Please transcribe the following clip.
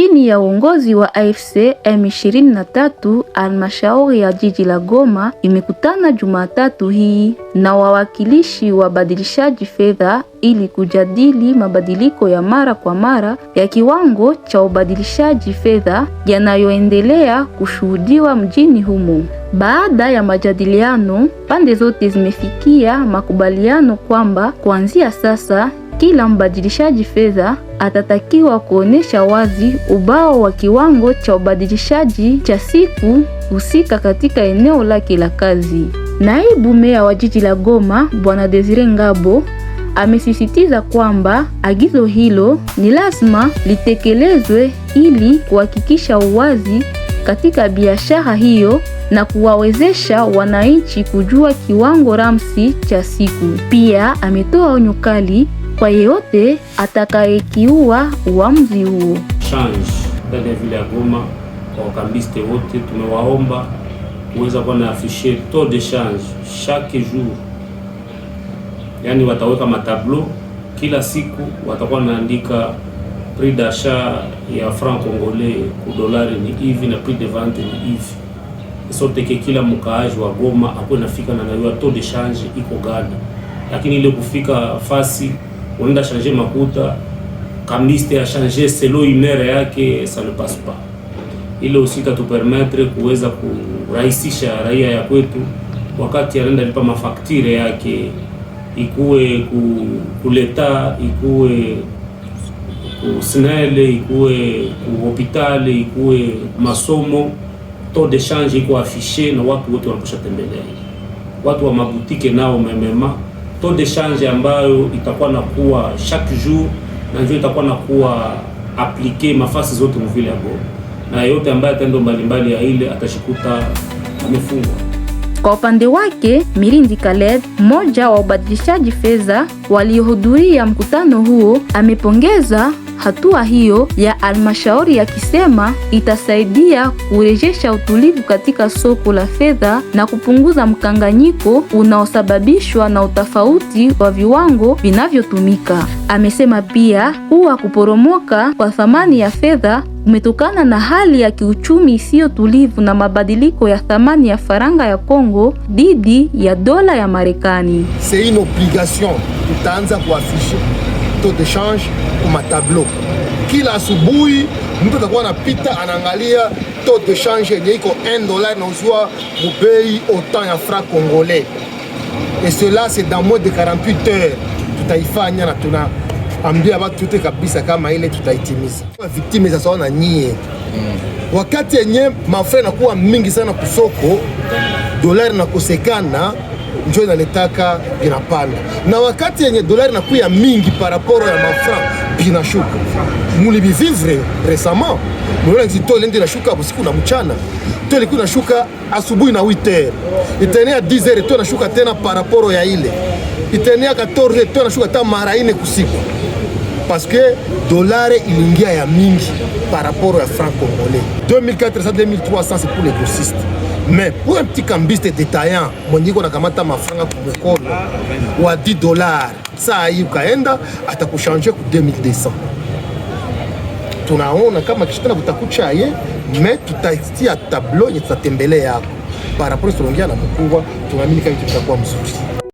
Chini ya uongozi wa AFC M23, almashauri ya jiji la Goma imekutana Jumatatu hii na wawakilishi wa badilishaji fedha ili kujadili mabadiliko ya mara kwa mara ya kiwango cha ubadilishaji fedha yanayoendelea kushuhudiwa mjini humo. Baada ya majadiliano, pande zote zimefikia makubaliano kwamba kuanzia sasa kila mbadilishaji fedha atatakiwa kuonyesha wazi ubao wa kiwango cha ubadilishaji cha siku husika katika eneo lake la kazi. Naibu meya wa jiji la Goma, Bwana Desire Ngabo, amesisitiza kwamba agizo hilo ni lazima litekelezwe ili kuhakikisha uwazi katika biashara hiyo na kuwawezesha wananchi kujua kiwango ramsi cha siku. Pia ametoa onyo kali kwa yeyote atakayekiua uamuzi huo. Change ndani ya vile ya Goma kwa wakambiste wote tumewaomba kuweza kuwa na afishe taux de change chaque jour, yaani wataweka matablo kila siku, watakuwa wanaandika prix d'achat ya franc congolais ku kudolari ni hivi na prix de vente ni hivi soteke kila mkaaji wa Goma akuwe nafika na najua taux de change iko gani, lakini ile kufika fasi unaenda changer makuta kamiste achange selo humere yake ça ne passe pas. Ile usika tu permettre kuweza kurahisisha raia ya kwetu, wakati anaenda lipa mafaktire yake, ikuwe kuleta, ikuwe kusnele, ikuwe kuhopitali, ikuwe masomo, taux de change iko afishe na watu wote wanaposha tembelea, watu wa mabutike nao memema taux de change ambayo itakuwa nakuwa chaque jour na njoo itakuwa nakuwa aplike mafasi zote mvile ya Goma, na yote ambaye atendo mbalimbali ya ile atashikuta amefungwa. Kwa upande wake Mirindi Kaleb, mmoja wa ubadilishaji fedha waliohudhuria mkutano huo, amepongeza hatua hiyo ya halmashauri yakisema itasaidia kurejesha utulivu katika soko la fedha na kupunguza mkanganyiko unaosababishwa na utofauti wa viwango vinavyotumika. Amesema pia kuwa kuporomoka kwa thamani ya fedha umetokana na hali ya kiuchumi isiyo tulivu na mabadiliko ya thamani ya faranga ya Kongo dhidi ya dola ya Marekani. C'est une obligation tutaanza kuafisha taux de change kwa matablo. Kila asubuhi mtu atakuwa anapita anaangalia taux de change yenye iko 1 dollar inauzwa mubei autant ya franc congolais, et cela c'est dans moins de 48 heures. Tutaifanya na ambia watu wote kabisa kama ile tutaitimiza. Victime sasa wana nyie mm. wakati yenye mafre nakuwa mingi sana kusoko, dolari nakosekana njo inanitaka inapanda, na wakati yenye dolari nakuya mingi paraporo ya mafran binashuka. Mulibivivre resama mlonzi to lende nashuka usiku na mchana, to ilikuwa shuka asubuhi na 8h itenea 10h to nashuka tena paraporo ya ile itenea 14h to nashuka ta mara ine kusiku parce que dolare iliingia ya mingi par rapport ya franc congolais 2400 2300 c'est pour les grossistes mais pour un petit cambiste détaillant mwenye iko nakamata mafranga kumkono wa 10 dollars saa hii ukaenda atakushanje ku 2200 tunaona kama kishitana kutakucha ye mais tutatia tableau yenye tutatembelea yako par rapport tunaongea na mkubwa tunaamini kama kitakuwa mzuri